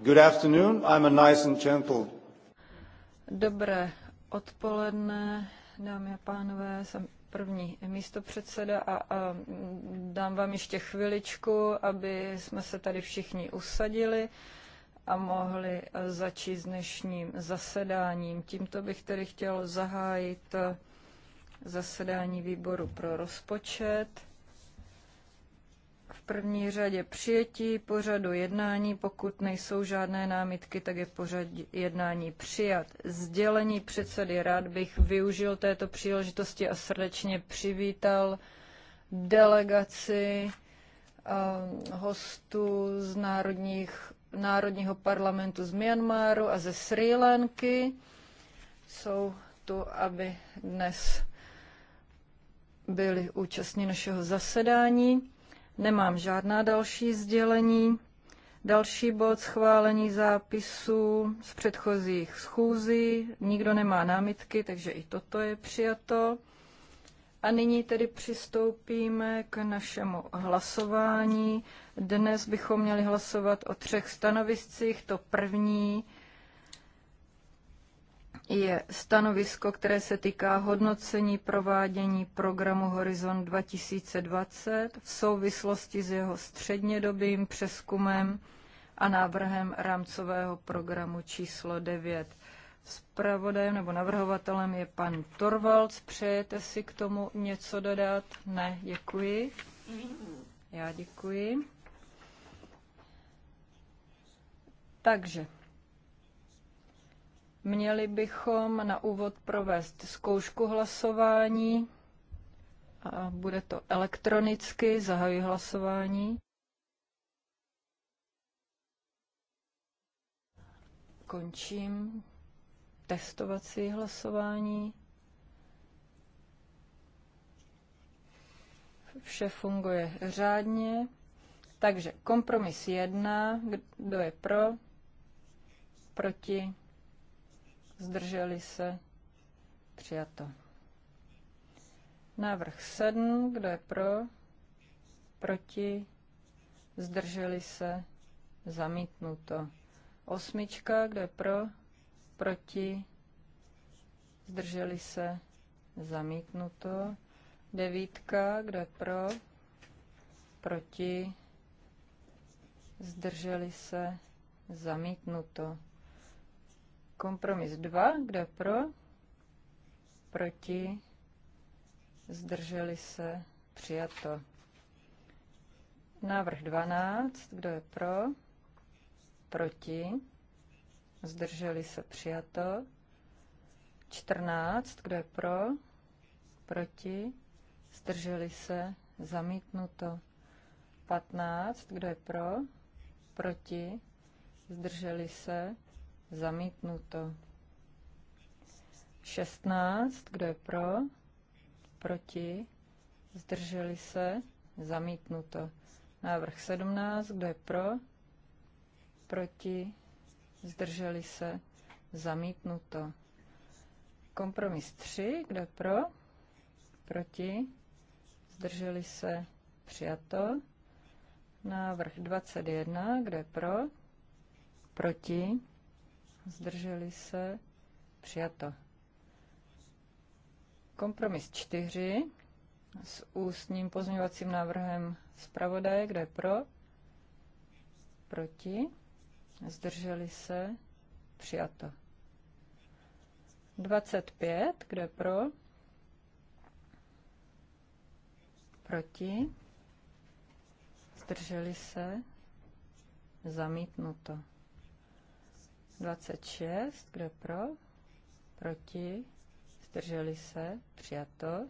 Good afternoon. I'm a nice and gentle. Dobré odpoledne, dámy a pánové. Jsem první místopředseda a, a dám vám ještě chviličku, aby jsme se tady všichni usadili a mohli začít s dnešním zasedáním. Tímto bych tedy chtěl zahájit zasedání výboru pro rozpočet v první řadě přijetí pořadu jednání. Pokud nejsou žádné námitky, tak je pořad jednání přijat. Sdělení předsedy rád bych využil této příležitosti a srdečně přivítal delegaci eh, hostů z národních, Národního parlamentu z Myanmaru a ze Sri Lanky. Jsou tu, aby dnes byli účastní našeho zasedání. Nemám žádná další sdělení. Další bod schválení zápisu z předchozích schůzí. Nikdo nemá námitky, takže i toto je přijato. A nyní tedy přistoupíme k našemu hlasování. Dnes bychom měli hlasovat o třech stanoviscích. To první je stanovisko, které se týká hodnocení provádění programu Horizon 2020 v souvislosti s jeho střednědobým přeskumem a návrhem rámcového programu číslo 9. Spravodajem nebo navrhovatelem je pan Torvalds. Přejete si k tomu něco dodat? Ne, děkuji. Já děkuji. Takže Měli bychom na úvod provést zkoušku hlasování. A bude to elektronicky, zahajuji hlasování. Končím testovací hlasování. Vše funguje řádně. Takže kompromis 1, kdo je pro, proti, zdrželi se, přijato. Návrh 7, kdo je pro, proti, zdrželi se, zamítnuto. Osmička, kdo je pro, proti, zdrželi se, zamítnuto. Devítka, kdo je pro, proti, zdrželi se, zamítnuto. Kompromis 2, kdo je pro? Proti? Zdrželi se? Přijato. Návrh 12, kdo je pro? Proti? Zdrželi se? Přijato. 14, kdo je pro? Proti? Zdrželi se? Zamítnuto. 15, kdo je pro? Proti? Zdrželi se? Zamítnuto. 16. Kdo je pro? Proti? Zdrželi se? Zamítnuto. Návrh 17. Kdo je pro? Proti? Zdrželi se? Zamítnuto. Kompromis 3. Kdo je pro? Proti? Zdrželi se? Přijato. Návrh 21. Kdo je pro? Proti? zdrželi se, přijato. Kompromis 4 s ústním pozměňovacím návrhem zpravodaje, kdo je pro, proti, zdrželi se, přijato. 25, kdo je pro, proti, zdrželi se, zamítnuto. 26, kdo pro? Proti? Zdrželi se? Přijato.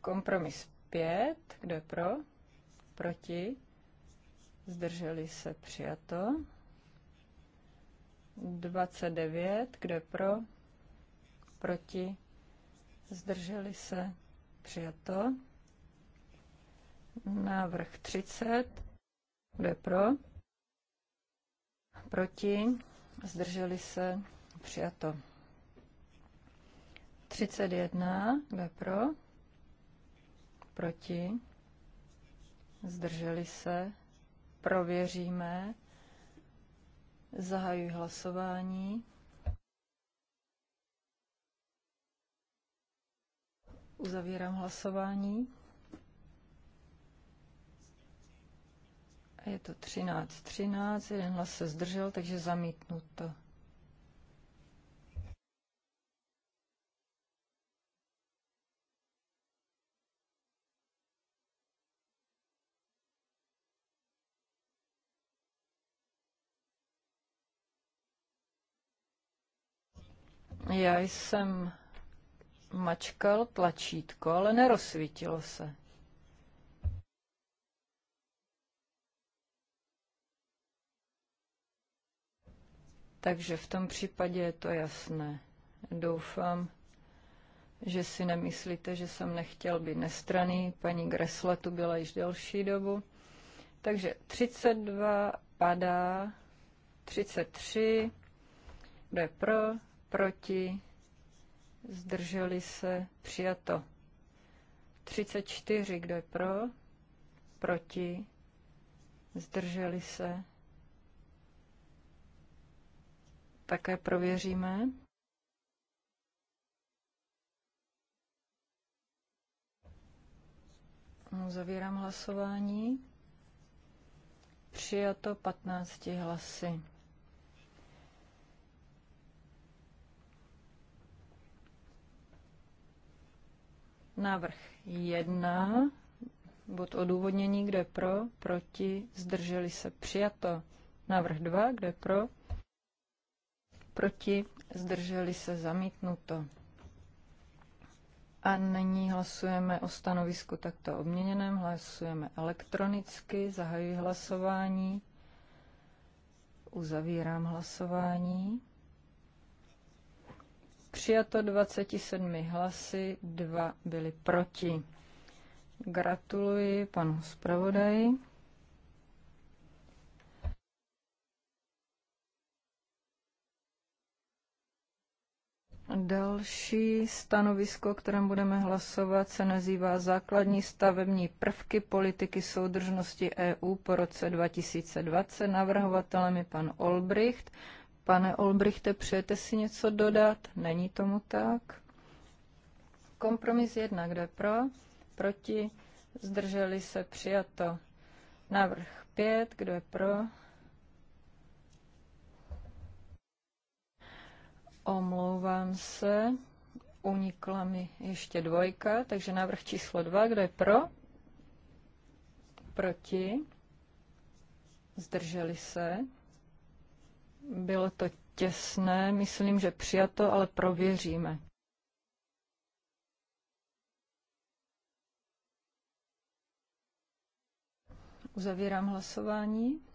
Kompromis 5, kdo je pro? Proti? Zdrželi se? Přijato. 29, kdo je pro? Proti? Zdrželi se? Přijato. Návrh 30, kdo je pro? Proti? Zdrželi se? Přijato. 31. Kdo je pro? Proti? Zdrželi se? Prověříme. Zahajuji hlasování. Uzavírám hlasování. Je to 13, 13, jeden hlas se zdržel, takže zamítnuto. Já jsem mačkal tlačítko, ale nerozsvítilo se. Takže v tom případě je to jasné. Doufám, že si nemyslíte, že jsem nechtěl být nestraný. Paní Gresle tu byla již delší dobu. Takže 32 padá, 33, kdo je pro, proti, zdrželi se, přijato. 34, kdo je pro, proti, zdrželi se, také prověříme. Zavírám hlasování. Přijato 15 hlasy. Návrh 1, bod odůvodnění, kde pro, proti, zdrželi se, přijato. Návrh 2, kde pro, proti, zdrželi se zamítnuto. A nyní hlasujeme o stanovisku takto obměněném, hlasujeme elektronicky, zahajuji hlasování, uzavírám hlasování. Přijato 27 hlasy, dva byly proti. Gratuluji panu zpravodaji. Další stanovisko, o kterém budeme hlasovat, se nazývá Základní stavební prvky politiky soudržnosti EU po roce 2020. Navrhovatelem je pan Olbricht. Pane Olbrichte, přejete si něco dodat? Není tomu tak? Kompromis jedna, kde pro? Proti? Zdrželi se přijato. Návrh 5, kdo je pro? Omlouvám se, unikla mi ještě dvojka, takže návrh číslo dva, kdo je pro? Proti? Zdrželi se? Bylo to těsné, myslím, že přijato, ale prověříme. Uzavírám hlasování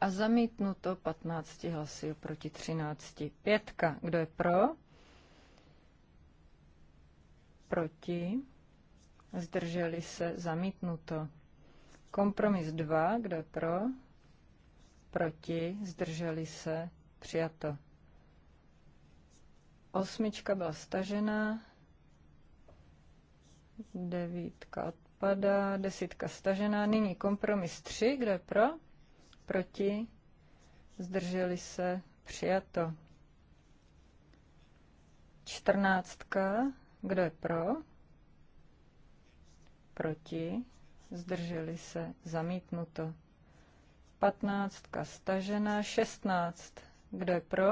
a zamítnuto 15 hlasy proti 13. Pětka. Kdo je pro? Proti? Zdrželi se? Zamítnuto. Kompromis 2. Kdo je pro? Proti? Zdrželi se? Přijato. Osmička byla stažená. Devítka odpadá. Desítka stažená. Nyní kompromis 3. Kdo je pro? proti, zdrželi se, přijato. Čtrnáctka, kdo je pro, proti, zdrželi se, zamítnuto. Patnáctka stažená, šestnáct, kdo je pro,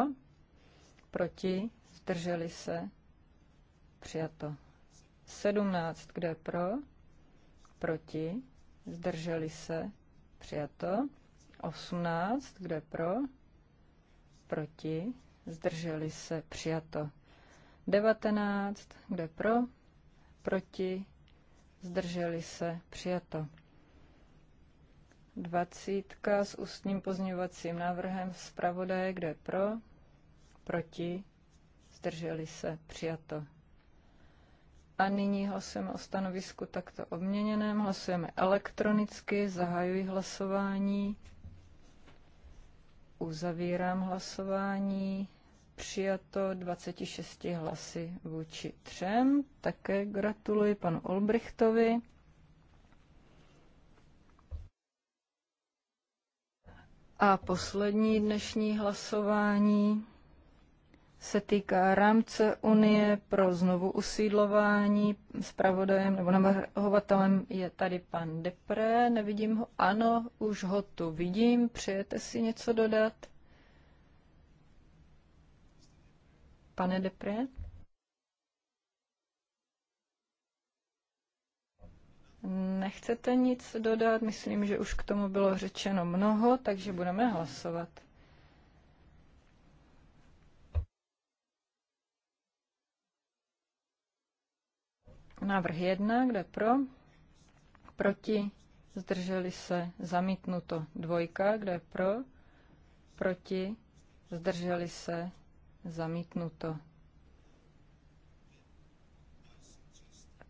proti, zdrželi se, přijato. Sedmnáct, kdo je pro, proti, zdrželi se, přijato. 18, kde pro, proti, zdrželi se, přijato. 19, kde pro, proti, zdrželi se, přijato. 20 s ústním pozměňovacím návrhem zpravodaje, kde pro, proti, zdrželi se, přijato. A nyní hlasujeme o stanovisku takto obměněném, hlasujeme elektronicky, zahajuji hlasování. Uzavírám hlasování. Přijato 26 hlasy vůči třem. Také gratuluji panu Olbrichtovi. A poslední dnešní hlasování se týká rámce Unie pro znovu usídlování. Spravodajem nebo navrhovatelem je tady pan Depre, nevidím ho. Ano, už ho tu vidím. Přejete si něco dodat? Pane Depre? Nechcete nic dodat, myslím, že už k tomu bylo řečeno mnoho, takže budeme hlasovat. Návrh 1, kde pro, proti, zdrželi se, zamítnuto. Dvojka, kde pro, proti, zdrželi se, zamítnuto.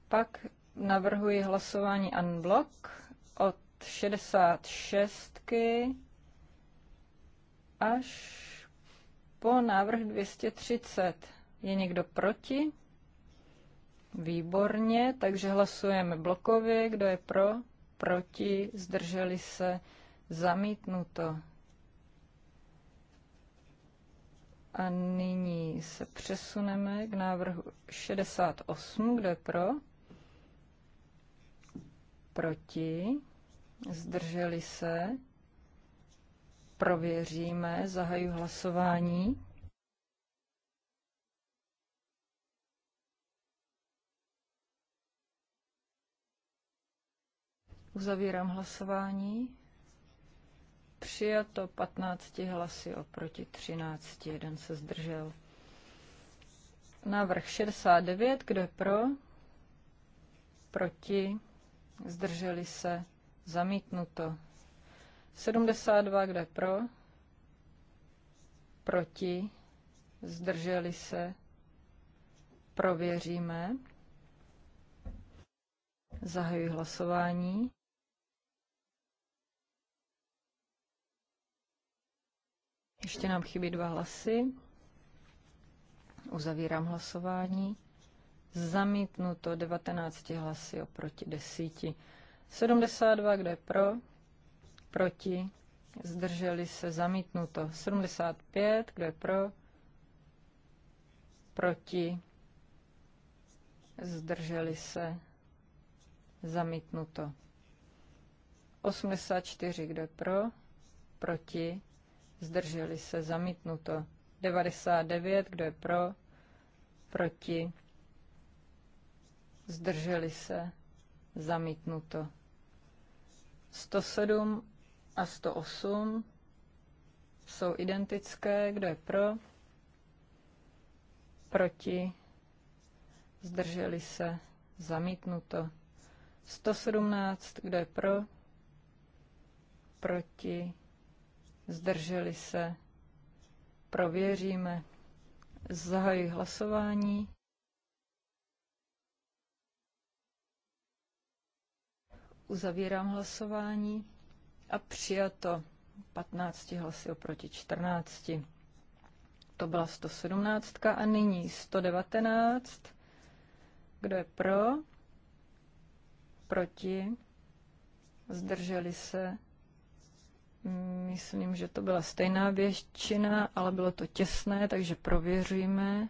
Pak navrhuji hlasování unblock od 66 až po návrh 230. Je někdo proti? Výborně, takže hlasujeme blokově. Kdo je pro? Proti? Zdrželi se? Zamítnuto. A nyní se přesuneme k návrhu 68. Kdo je pro? Proti? Zdrželi se? Prověříme. Zahaju hlasování. Uzavírám hlasování. Přijato 15 hlasy oproti 13, jeden se zdržel. Návrh 69, kdo je pro? Proti? Zdrželi se? Zamítnuto. 72, kdo je pro? Proti? Zdrželi se? Prověříme. Zahajuji hlasování. Ještě nám chybí dva hlasy. Uzavírám hlasování. Zamítnuto 19 hlasy oproti 10. 72, kdo je pro? Proti? Zdrželi se zamítnuto. 75, kdo je pro? Proti? Zdrželi se zamítnuto. 84, kdo je pro? Proti? zdrželi se, zamítnuto. 99, kdo je pro, proti, zdrželi se, zamítnuto. 107 a 108 jsou identické, kdo je pro, proti, zdrželi se, zamítnuto. 117, kdo je pro, proti, zdrželi se, prověříme. Zahajuji hlasování. Uzavírám hlasování a přijato 15 hlasy oproti 14. To byla 117 a nyní 119. Kdo je pro? Proti? Zdrželi se? Myslím, že to byla stejná většina, ale bylo to těsné, takže prověříme.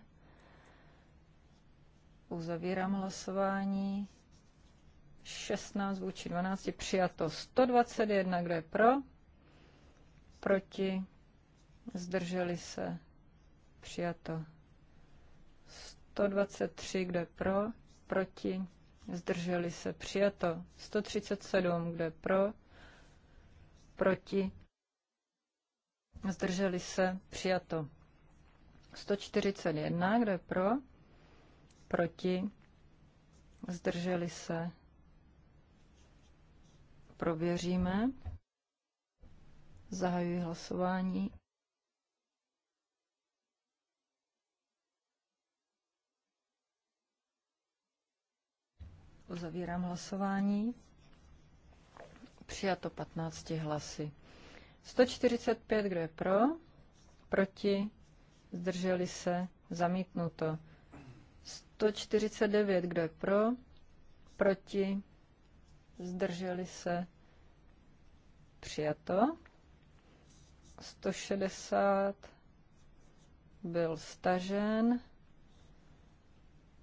Uzavírám hlasování. 16 vůči 12 přijato 121, kdo je pro, proti, zdrželi se, přijato 123, kdo je pro, proti, zdrželi se, přijato 137, kdo je pro, proti, zdrželi se, přijato. 141, kdo je pro, proti, zdrželi se, prověříme. Zahajuji hlasování. Uzavírám hlasování. Přijato 15 hlasy. 145, kdo je pro? Proti? Zdrželi se? Zamítnuto. 149, kdo je pro? Proti? Zdrželi se? Přijato. 160 byl stažen.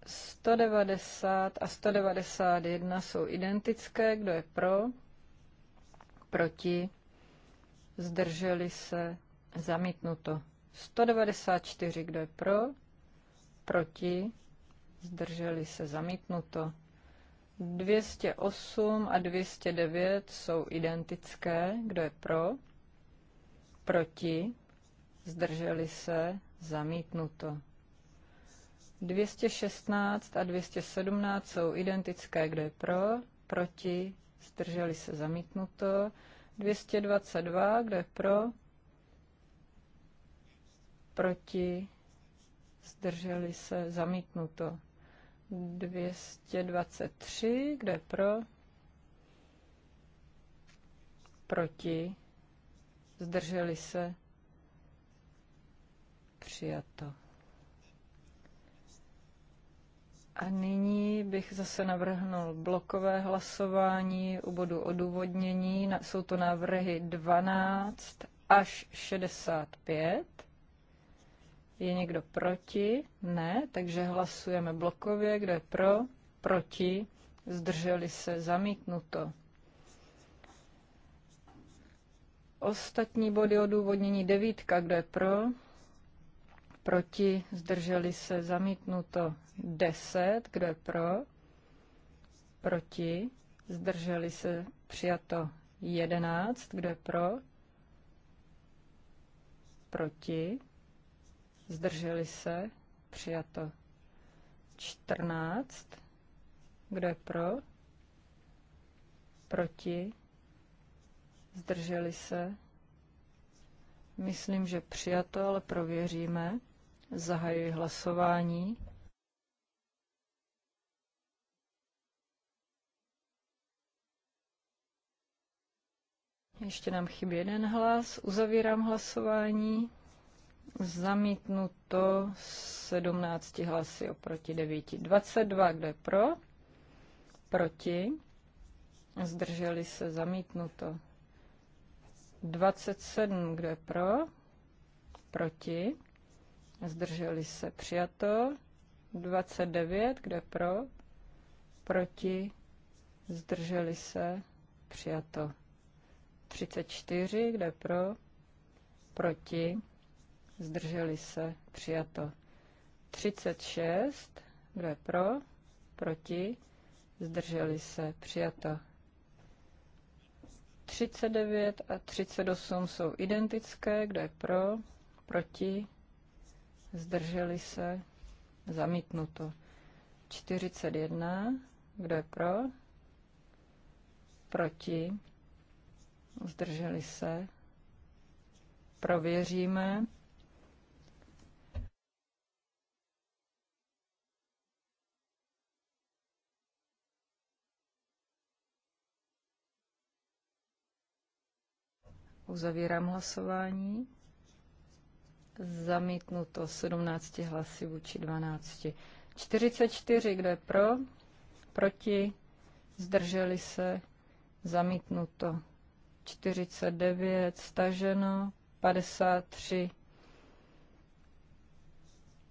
190 a 191 jsou identické. Kdo je pro? proti, zdrželi se, zamítnuto. 194, kdo je pro, proti, zdrželi se, zamítnuto. 208 a 209 jsou identické, kdo je pro, proti, zdrželi se, zamítnuto. 216 a 217 jsou identické, kdo je pro, proti, zdrželi se zamítnuto. 222, kdo je pro, proti, zdrželi se zamítnuto. 223, kdo je pro, proti, zdrželi se přijato. A nyní bych zase navrhnul blokové hlasování u bodu odůvodnění. Jsou to návrhy 12 až 65. Je někdo proti? Ne, takže hlasujeme blokově. Kdo je pro? Proti? Zdrželi se? Zamítnuto. Ostatní body odůvodnění 9, Kdo je pro? proti, zdrželi se, zamítnuto 10, kdo je pro, proti, zdrželi se, přijato 11, kdo je pro, proti, zdrželi se, přijato 14, kdo je pro, proti, zdrželi se, myslím, že přijato, ale prověříme. Zahajuji hlasování. Ještě nám chybí jeden hlas. Uzavírám hlasování. Zamítnuto 17 hlasy oproti 9. 22, kdo je pro? Proti? Zdrželi se zamítnuto. 27, kdo je pro? Proti? zdrželi se přijato, 29, kde pro, proti, zdrželi se přijato, 34, kde pro, proti, zdrželi se přijato, 36, kde pro, proti, zdrželi se přijato. 39 a 38 jsou identické, kde pro, proti, zdrželi se, zamítnuto. 41, kdo je pro, proti, zdrželi se, prověříme. Uzavírám hlasování. Zamítnuto 17 hlasy vůči 12. 44, kdo je pro? Proti? Zdrželi se? Zamítnuto 49, staženo 53.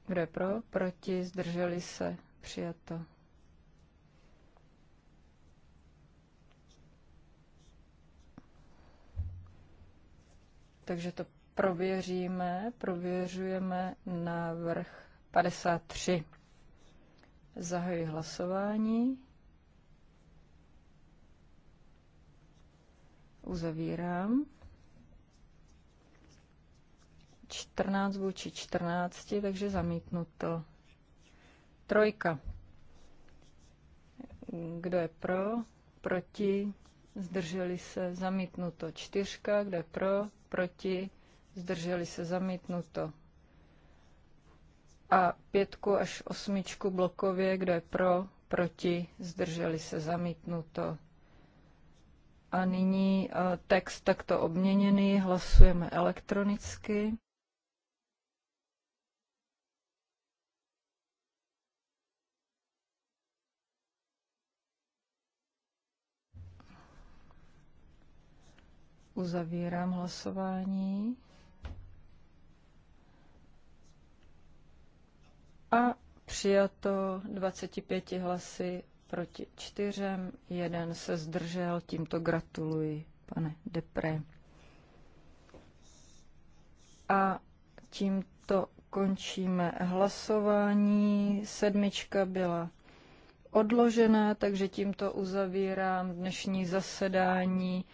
Kdo je pro? Proti? Zdrželi se? Přijato. Takže to prověříme, prověřujeme návrh 53. Zahajuji hlasování. Uzavírám. 14 vůči 14, takže zamítnuto. Trojka. Kdo je pro? Proti? Zdrželi se? Zamítnuto. Čtyřka. Kdo je pro? Proti? zdrželi se zamítnuto. A pětku až osmičku blokově, kdo je pro, proti, zdrželi se zamítnuto. A nyní eh, text takto obměněný, hlasujeme elektronicky. Uzavírám hlasování. a přijato 25 hlasy proti čtyřem, jeden se zdržel, tímto gratuluji, pane Depré. A tímto končíme hlasování. Sedmička byla odložena, takže tímto uzavírám dnešní zasedání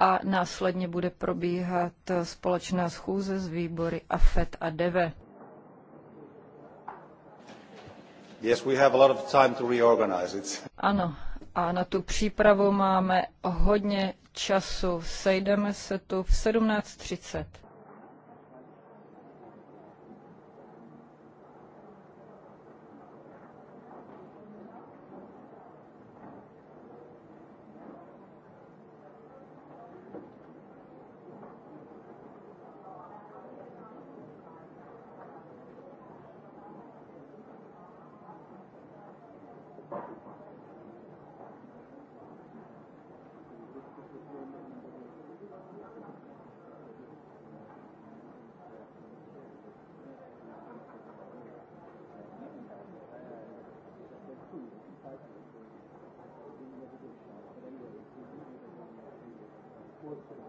a následně bude probíhat společná schůze s výbory AFET a DEVE. Ano, a na tu přípravu máme hodně času. Sejdeme se tu v 17.30. Děkuji.